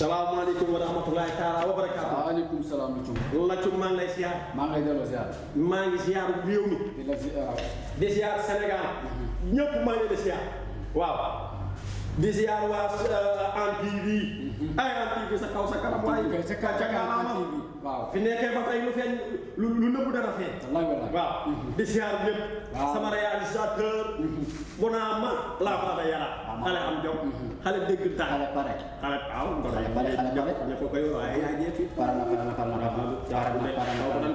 salaamaaleykum wa rahmatulahi taala wa barakaatu. waaleykum salaam wa rahmatulah. Lathioum maa ngi lay ziar. maa ngi lay delloo ziar. maa ngi ziar réew mi. di la ziar. di ziar Sénégal. Mm-hmm. ñëpp maa ngi lay ziar waaw. di ziar waa euh, ANTV. Mm-hmm. ay ANTV sa kaw sa kanam waaye. sa kaw sa kanam waaw fi nekkee ba tey lu feeñ lu lu nëbbu dana feeñ. waaw mm-hmm. di ziar ñëpp. sama réalisateur. Bonaama laa fa da yara. xale am jom. Mm-hmm. xale dégg taa. xale pare. xale waaw. xale pare xale pare. ñëpp koy waaye yaa ngi fi. pare na pare na pare na pare na pare na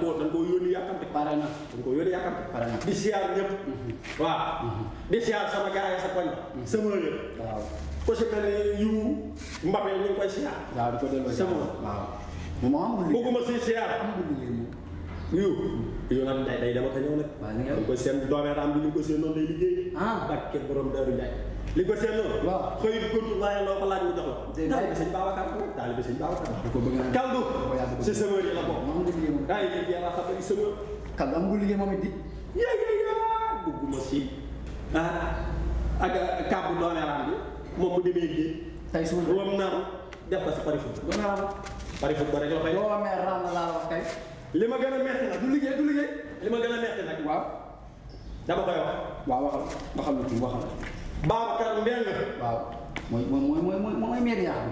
parana ko yori yakam parana di siar ñep mm-hmm. wa mm-hmm. di siar sama gaay sa koñ sama yori waaw ko ci mel yu mbappé ñu koy siar waaw ko delo sama waaw mu ma am bu ma ci siar yu yu nan day day dama ko nak wa ñu ko seen doomé ram bi ñu ko seen non day liggéey ah bakké borom daru jaay li ko waaw xëy ko tu waaye laaj mu jox la daal bi ko daal bi sëñ ko bëgg na kaldu ci sama la ko daal bi yàlla xam ni sama kàlla am nga liggéey moom it di yéy yéy yéy dugguma si ah ak kàbbu dooleelaan bi moom bu demee géej. tey suul loom naaru def ko sa pari foot. raam laa wax li ma gën a metti nag du liggéey du liggéey. li ma gën a metti nag. waaw. dama koy wax. waaw waxal waxal lu ci waxal. Babacar Mbengue. waaw mooy mooy mooy mooy mooy media bi.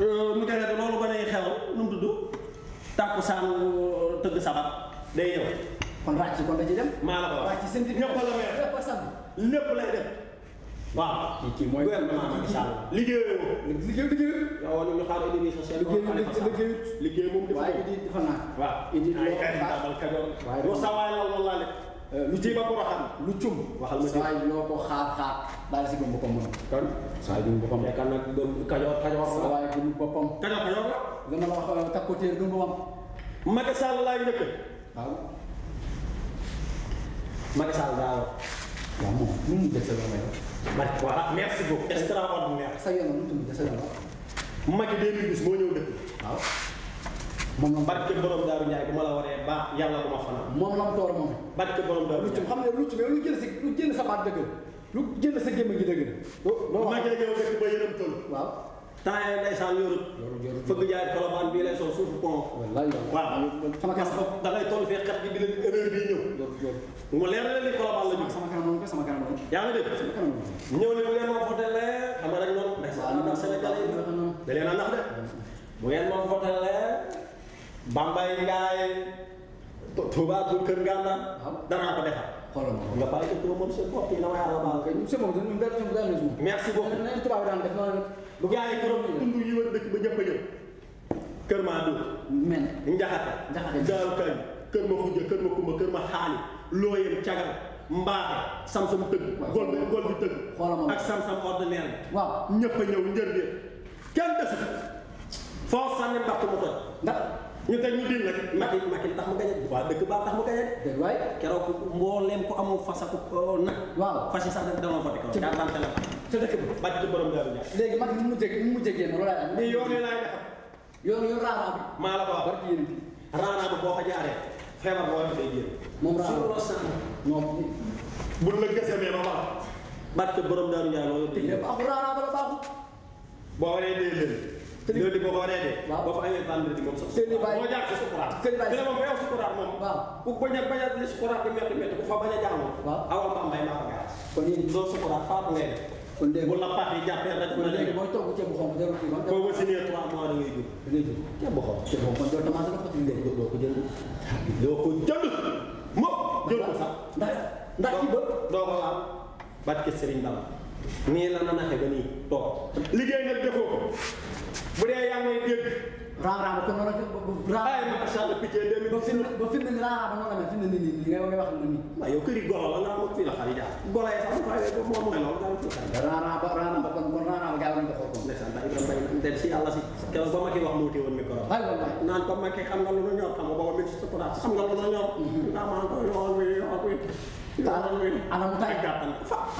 Euh, mu demee ba loolu gën a xew nu mu tudd tàkkusaan euh, tëgg sabar day ñëw. kon ràcc kon da ci dem. maa la ko wax ràcc seen ñëpp la de lépp a sàmm lépp lay dem. waaw kii mooy gouvernement Macky Sall liggéeyoo liggéey liggéey waaw ñu xaar indi nii social liggéey liggéey moom dafa waaw indi ay ay tabal kajoor waaye Euh, lu jéem a boroxam lu cum waxal ma saa yi loo ko xaar xaar daal si gëm boppam moom kan saa yi gëm boppam yaakaar naa gëm kajoor la waaye gëm boppam kajoor kajoor la la wax euh, takkotéer gëm boppam Macky Sall laay njëkk waaw Macky Sall daal waaw moom nu sa yoon may voilà merci sa yoon nu mu def sa yoon Macky moo ñëw dëkk waaw moom la barke borom daaru Ndiaye bu ma la waree baax yàlla bu ma fanaan. moom la mu toor moom. barke borom daaru Ndiaye lu ci xam ne lu ci lu jël sa lu jël sa baat dëgg lu jël sa gémmiñ gi dëgg la. loo wax dëgg yow dëkk ba yërëm toll. waaw temps yii ndeysaan yorut. yorut fëgg jaay kolobaan bii lay sol suufu pont. wallaay waaw sama kanam foofu da ngay toll fee xet bi dina erreur bii ñëw. mu leer na li kolobaan la ñu. sama kanam moom sama kanam moom. yaa ngi dégg sama kanam moom. ñëw ne bu ngeen ma fotel xam nga nag ñoom ndeysaan ndax sénégalais yi da leen a nax de bu ngeen ma fotel Bambay Ndiaye Touba Tour Kër Gànna. waaw ah. danaa ko defar. xoolal ma nga bàyyi ko promotion seen bopp yi na ma yàlla baal. kay monsieur Maodo ñun daal ñun daal la suuf. merci beaucoup nañ tubaab daan def noonu. bu yaayee borom tund yi wër dëkk ba ñëpp a ñëw. Kër Madou. men Njaxate. Njaxate Daaru Kañ Kër ma Xuja Kër ma Kumba Kër ma Xaali Looyem Cagal. mbaaxe samsam tëgg. waaw gol bi gol bi tëgg. xoolal ak samsam ordinaire bi. waaw ñëpp a ñëw njëriñ kenn desu. foo sànni mbàtt mu toj. ndax ñu teg ñu dil nag Macky Macky tax mu gañe waa dëkk baa tax mu gañe dëgg waay keroog mbooleem ku amoon fas ak nag waaw fas sax dañ doon voté kaw daa daan téléphone te dëkk bi bàcc ci borom daaru ñaar léegi Macky mu mujjee mu mujjee génn loolu laa mais yoon def bi la barki bi bu la ba borom ñaar ba la te li boo ko waree dee. waaw boo fa amee vendredi moom sax. te li bàyyi moo jaar si sukuraat. te li bàyyi si moom ba yow sukuraat moom. waaw ku bañ a bañ a li sukuraat di métti métti ku fa bañ a jaamoo. waaw awal ma am mbay maa ko gaar. kon yéen loolu sukuraat faatu ngay def. kon léegi bu la paatee jàppee rek. kon léegi booy togg ceeb bu xonk jarul kii boo ko sinee trois mois da ngay jël. da ngay jël ceeb bu xonk. ceeb bu xonk kon loolu tamit dafa tudd léegi doo ko jël. doo ko jël moom. jël ko sax ndax ndax ci bët doo ko laal barke Serigne Bamba nii la na naxe ba nii toog liggéey nag defoo bu dee yaa ngi dégg raam-raam ko noonu la ay macha allah piccee deux ba fi ba fi ne raam-raam noonu la mel fi ne nii ngay wax na nii yow këri golo la nga am ak fii la xarit daal golo yi sax mu fay moom mooy ba raam-raam ba am gàllankoor ko. ndeysaan bàyyi ko bàyyi dem si yàlla si keroog ba ma koy wax moo téewoon micro. waaw waaw naan ko ma koy xam nga lu ma ñor xam nga booba mi ci sa xam nga lu ma ñor. Mhm. ndax maa ngi koy yoo xam yoo xam anamu tay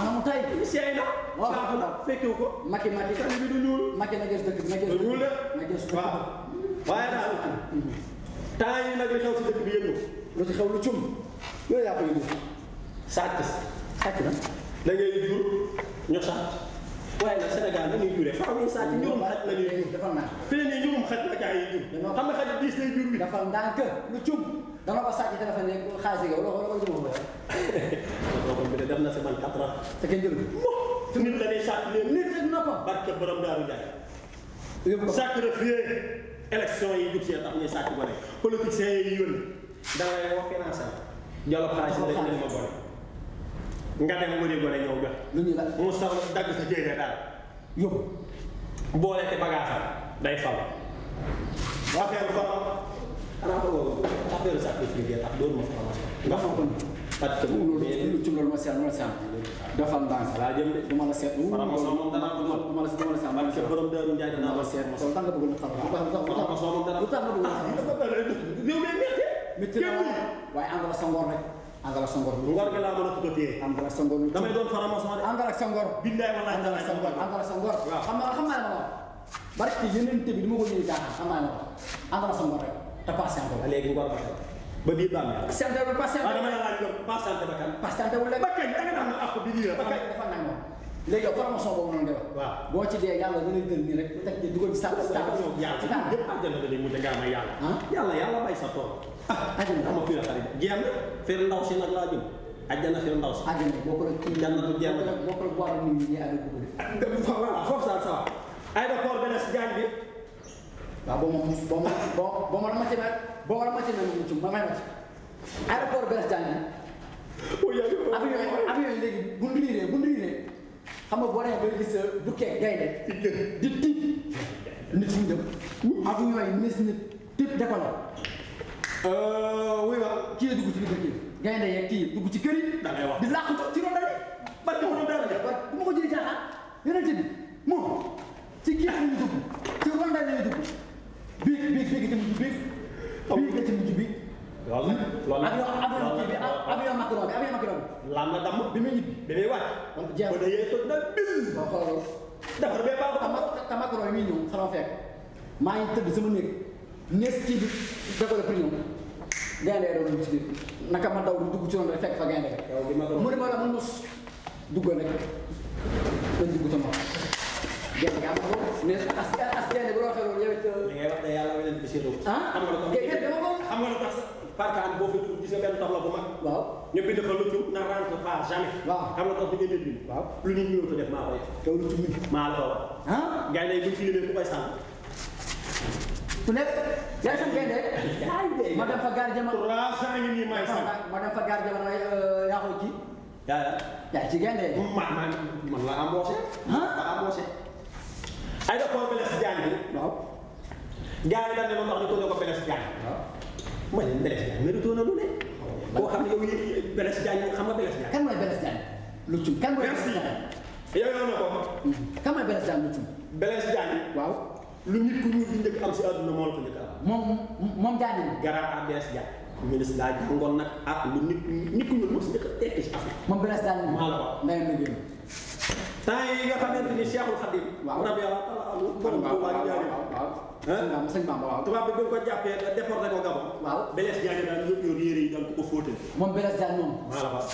anamu tay seey na waaw saafu na fekkewu ko makki makki sali bi du ñuul makki na gës dëkk na gës ñuul la na gës waaw waaye daal mhm. temps yi nag li xew si dëkk bi yëngu lu ci xew lu cum yooyu yaa koy dugg sàcc sàcc na da ngay jur ñu sàcc waaye nag Sénégal la ñuy juree faaw ñu sàcc njurum xaj la ñuy jur dafa nar fi ne nii njurum xaj la gaa yi jur xam nga xaj diis lay jur bi dafa ndànk lu cum dama ko sàcc te dafa nekk xaalis yow loolu ko jëmoo loolu bi de def na si man quatre ans te kenn jël fi nit la ñuy sàcc leen nit rek na ko barke borom daaru Njaay sacrifier élection yi jub see tax ñuy sàcc ba ne politiciens yi yónni da ngay wax financé jalo xaalis dañ leen ma boole nga dem wëri gone ñëw ga lu ñu la mu saw dag sa jéega daal yóbbu boole ci bagaasam day fal affaire ko ana ko affaire sa ko fi ak doon ma formation nga fa ko parce que lu lu ci lool ma sen ma sen dafa ndans la jëm de udah la set formation mom dana ko dama la dama la sen man ci borom daru njaay dana la set ma sol tanga bëgg na xam formation mom dana ko tanga bëgg na xam réew mi metti metti waaye am nga sa ngor rek àndal ak sa ngor. ngor gi laa mën a tudd téye. àndal ak sa ngor damay doon faramason de. àndal ak sa ngor. billaay walaay àndal ak sa ngor àndal ak sa ngor. waaw xam naa xam naa ne ma barke yeneen bi du ma ko ñëwee jaaxal xam naa ne ko àndal ak sa ngor rek te patiente la. Ah, léegi ngor ba tey ba biir bàmmeel. patiente wu patiente ah, waaw dama la laaj loolu patiente ba kan. patiente wu léegi ba kañ da nga naan àpp bi nii la. ba kañ dafa nangam. léegi yow formation boobu noonu de waaw boo ci dee yàlla ñu lay gën nii rek teg di dugal ci sa ah? yàlla yàlla yàlla bay sa tool ajjana amul kuy wax xarit jeex na fir ndaw si nag laa jëm ajjana fir ndaw si. ajjana bokkul ak kii jannatu jeex na bokkul ak boîte nuit ñi ak dugub bi. voilà foofu sax sax aéroport Blaise Diagne bi. waaw boo ma boo ma boo ma dama ci mel boo ma dama ci mel mucc ma may ma ci aéroport Blaise Diagne bi. oui yow avion yi avion yi léegi bu ndiiree bu ndiiree xam nga boo demee ba gis bukkee gaynde di tiit nit ñi dem avion yi mis nit tiit décollé Euh, wuy ma kii la dugg ci biir kër yi gaynde yeeg kii dugg ci kër yi. da ngay wax di làqatu ci loolu dara barke ma doon dara ja barke bu ma ko jëlee caaxaan yeneen ci bi moom ci géej la ñu dugg ci rondaay la ñu dugg biig biig biig ci mujj biig biig la ci mujj biig loolu la loolu la avion avion kii bi avion macron bi avion macron bi laam na damm bi muy ñibbi bi muy wàcc kon jeex ba dayee toj na bil boo xooloo defar bee baax ta ta macron yi muy ñëw sama fekk maa ngi tëdd sama néeg nees kii bi décolle pour ñëw gaynde ga doon ci biir naka ma daw dugg ci noonu fekk fa gaynde ga mu ne ma la dugg nag dañ dugg bu loo xam ne yow euh, de yàlla ah? lu tax parkaan fa lu tur waaw xam nga tax bi ngeen bind waaw lu ñu ñëw te def maa koy tew lu ci maa la ko ah? gaynde yi bu ñu fi ñëwee ku koy tu nekk yaa ngi sant gaynde ma dem fa gaar jamono ma dem fa gaar jamono euh, yaa ko ci yaa ci gaynde man man man la embauché la embauché ay da koo Blaise Diagne bi waaw gars yi dañ ne ma wax ni ko ne ko Blaise Diagne ma leen Blaise Diagne mérite na lu ne koo xam ne yow yi Blaise Diagne xam nga Blaise Diagne kan mooy Blaise Diagne lu ci kan mooy Blaise Diagne yow yow na ko hmm. kan mooy Blaise Diagne lu ci Blaise Diagne waaw lu nit ku ñuul di njëkk am si àdduna moo la ko njëkk am. moom moom jaajëf. Gara ABS Diagne. ministre daa jàngoon nag ak lu nit nit ku ñuul mos njëkk a tekki si Afrique. moom benn stade maa la wax. ndeyam na génn. temps yi nga xamante ni Cheikhul Khadim. waaw rabi yàlla taala amu. borom bu waa jaari waaw sëñ Bamba waaw. tubaab bi bu ko jàppee déporté ko Gabon. waaw Blaise Diagne daal yóbbu yóbbu yére yi daal ko ko fóotal. moom Blaise Diagne moom. maa la wax.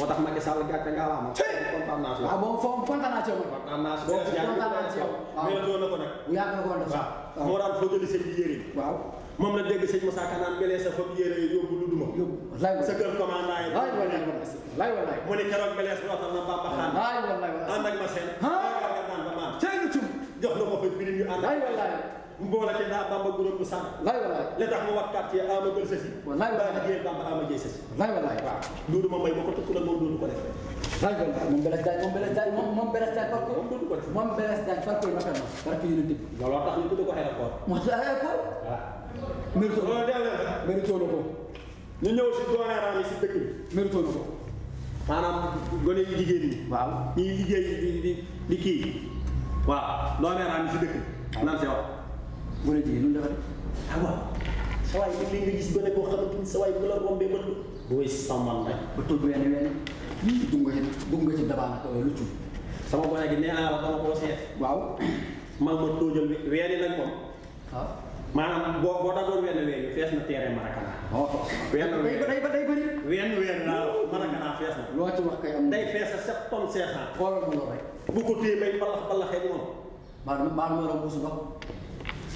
moo tax Macky Sall gàcce nga alaama. kontaan naa si waaw moom foofu kontaan naa si yow. kontaan naa si yow kontaan naa si yow. mais nag loolu la ko nag. yàgg na ko woon def waaw. moo daan foog a sëñ bi yére yi. waaw moom la dégg sëñ Moussa Kanaan belee sa foog yére yi yóbbu lu duma. yóbbu lay walaay sa kër commandant yi. lay walaay lay walaay. mu ne keroog belee sa rootal na Bamba xaan. lay walaay ànd ak ma seen. ah lay walaay naan ba maan. cay lu cum jox na ko fa biir ñu ànd. lay walaay. Mbola Kenda Bamba Gourou Moussa. laay walaay la tax mu wax quartier Ama Bal Sassi. laay walaay Bamba Dieng Bamba Ama Dieng Sassi. laay walaay waaw. Doudou ma may ma ko tukkulal moom Doudou ko def. laay walaay moom Blaise Diagne moom Blaise Diagne moom moom Blaise Diagne parcours. moom Doudou ko def moom Blaise Diagne parcours naka la. parcours yu nit. looloo tax ñu tudd ko aéroport. moo tax aéroport. waaw. mérito loolu delloo la. mérito na ko. ñu ñëw si dooneraam yi si dëkk bi. mérito na ko. maanaam gone yi jigéen ñi. waaw ñuy liggéey di di di kii. waaw dooneraam yi si dëkk bi. naan si wax mu ne jigéen ñun dafa ah waaw sa waay bi nga gis gone koo xamante ni sa waay bu la rombee ba bu wéy ba nga ci nga ci lu ci sama gone gi nee la dama koo seet waaw man ma tóojal weeni nag moom waaw maanaam boo marakana wenn wenn day day bëri marakana fees na loo ci wax kay am day fees a sept tonnes cinq cent rek bu ko may balax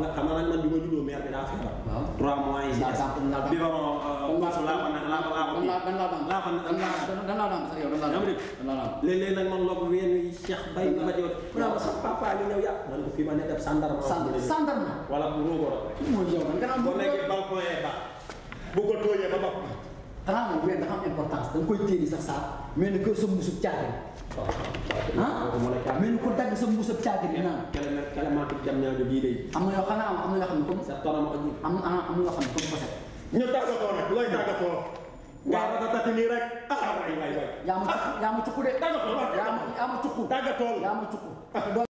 nga xam nga man bi ma juddoo mère bi daa feebar. waaw 3 mois yi. daa tàmpon euh, laa tàmpon léeg-léeg nag man loolu ween Cheikh Baye ma jot. waaw sax papa li ñëw yàq. man ko fii ma nekk ab sandarma. sandarma wala bu roogoo rek. mooy yow man gannaaw bu ko tooyee ba bopp. temps moom ween dafa am importance da nga koy téye sax sax mel ni que sa mbuusub caagri. waaw ah mel ni ku dagg sa mbuusub caagri naan. kele kele maa tudd jam ñaajo bii de. am na yoo xam am na yoo xam ne comme. sa tonam ak am ah, am na yoo xam ne comme faset. ñu tàggatoo nag looy tàggatoo. waaw tati nii rek. ah waay waay waay. yaa ma yaa ma cukku de. tàggatoo waaw yaa ma cukku. tàggatoo yaa ma cukku.